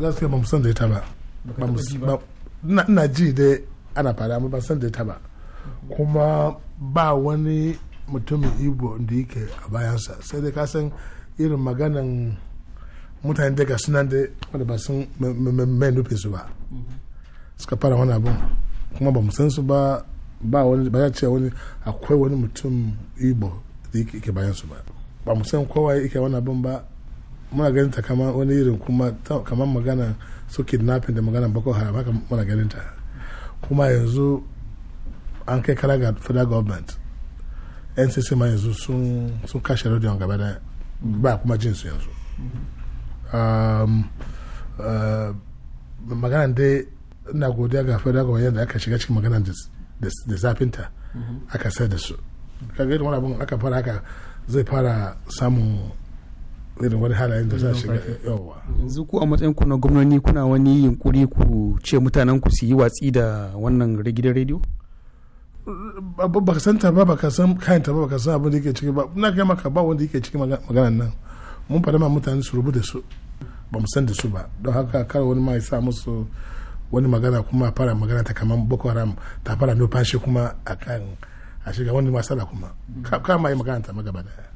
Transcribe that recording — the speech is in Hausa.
gaskiya ba mu san da ita ba ina ji dai ana fara amma ba san da ita ba kuma ba wani mutumin igbo da yake a bayansa sai dai kasan irin maganan mutane daga sunan da wadda ba sun mai nufi su ba mm-hmm. suka fara wani abin kuma ba san su ba ba wani ba ya ce wani akwai wani mutum igbo da yake bayansu ba ba san kowa yake wani abin ba muna ganin ta kamar wani irin kuma kamar magana su kidnapping da magana boko haram haka muna ganin ta kuma yanzu an kai kara ga federal government ncc ma yanzu sun kashe rodion gaba da ba kuma jin su yanzu um, uh, magana dai ina godiya ga federal government da aka shiga cikin magana da zafinta mm-hmm. aka sai da su kaga irin wani abin aka fara aka zai fara samun irin wani halayen da za shiga yawa yanzu ku a matsayin ku na gwamnoni kuna wani yunkuri ku ce mutanen ku su yi watsi da wannan gidan rediyo ba ka san ta ba ka san kayan ta ba ka san abin da yake ciki ba na gama ka ba wanda yake ciki maganan nan mun faɗa ma mutane su rubuta su ba mu san da su ba don haka kar wani ma ya sa musu wani magana kuma fara magana ta kamar boko haram ta fara nufashi kuma akan a shiga wani masala kuma kama yi magana ta magaba daya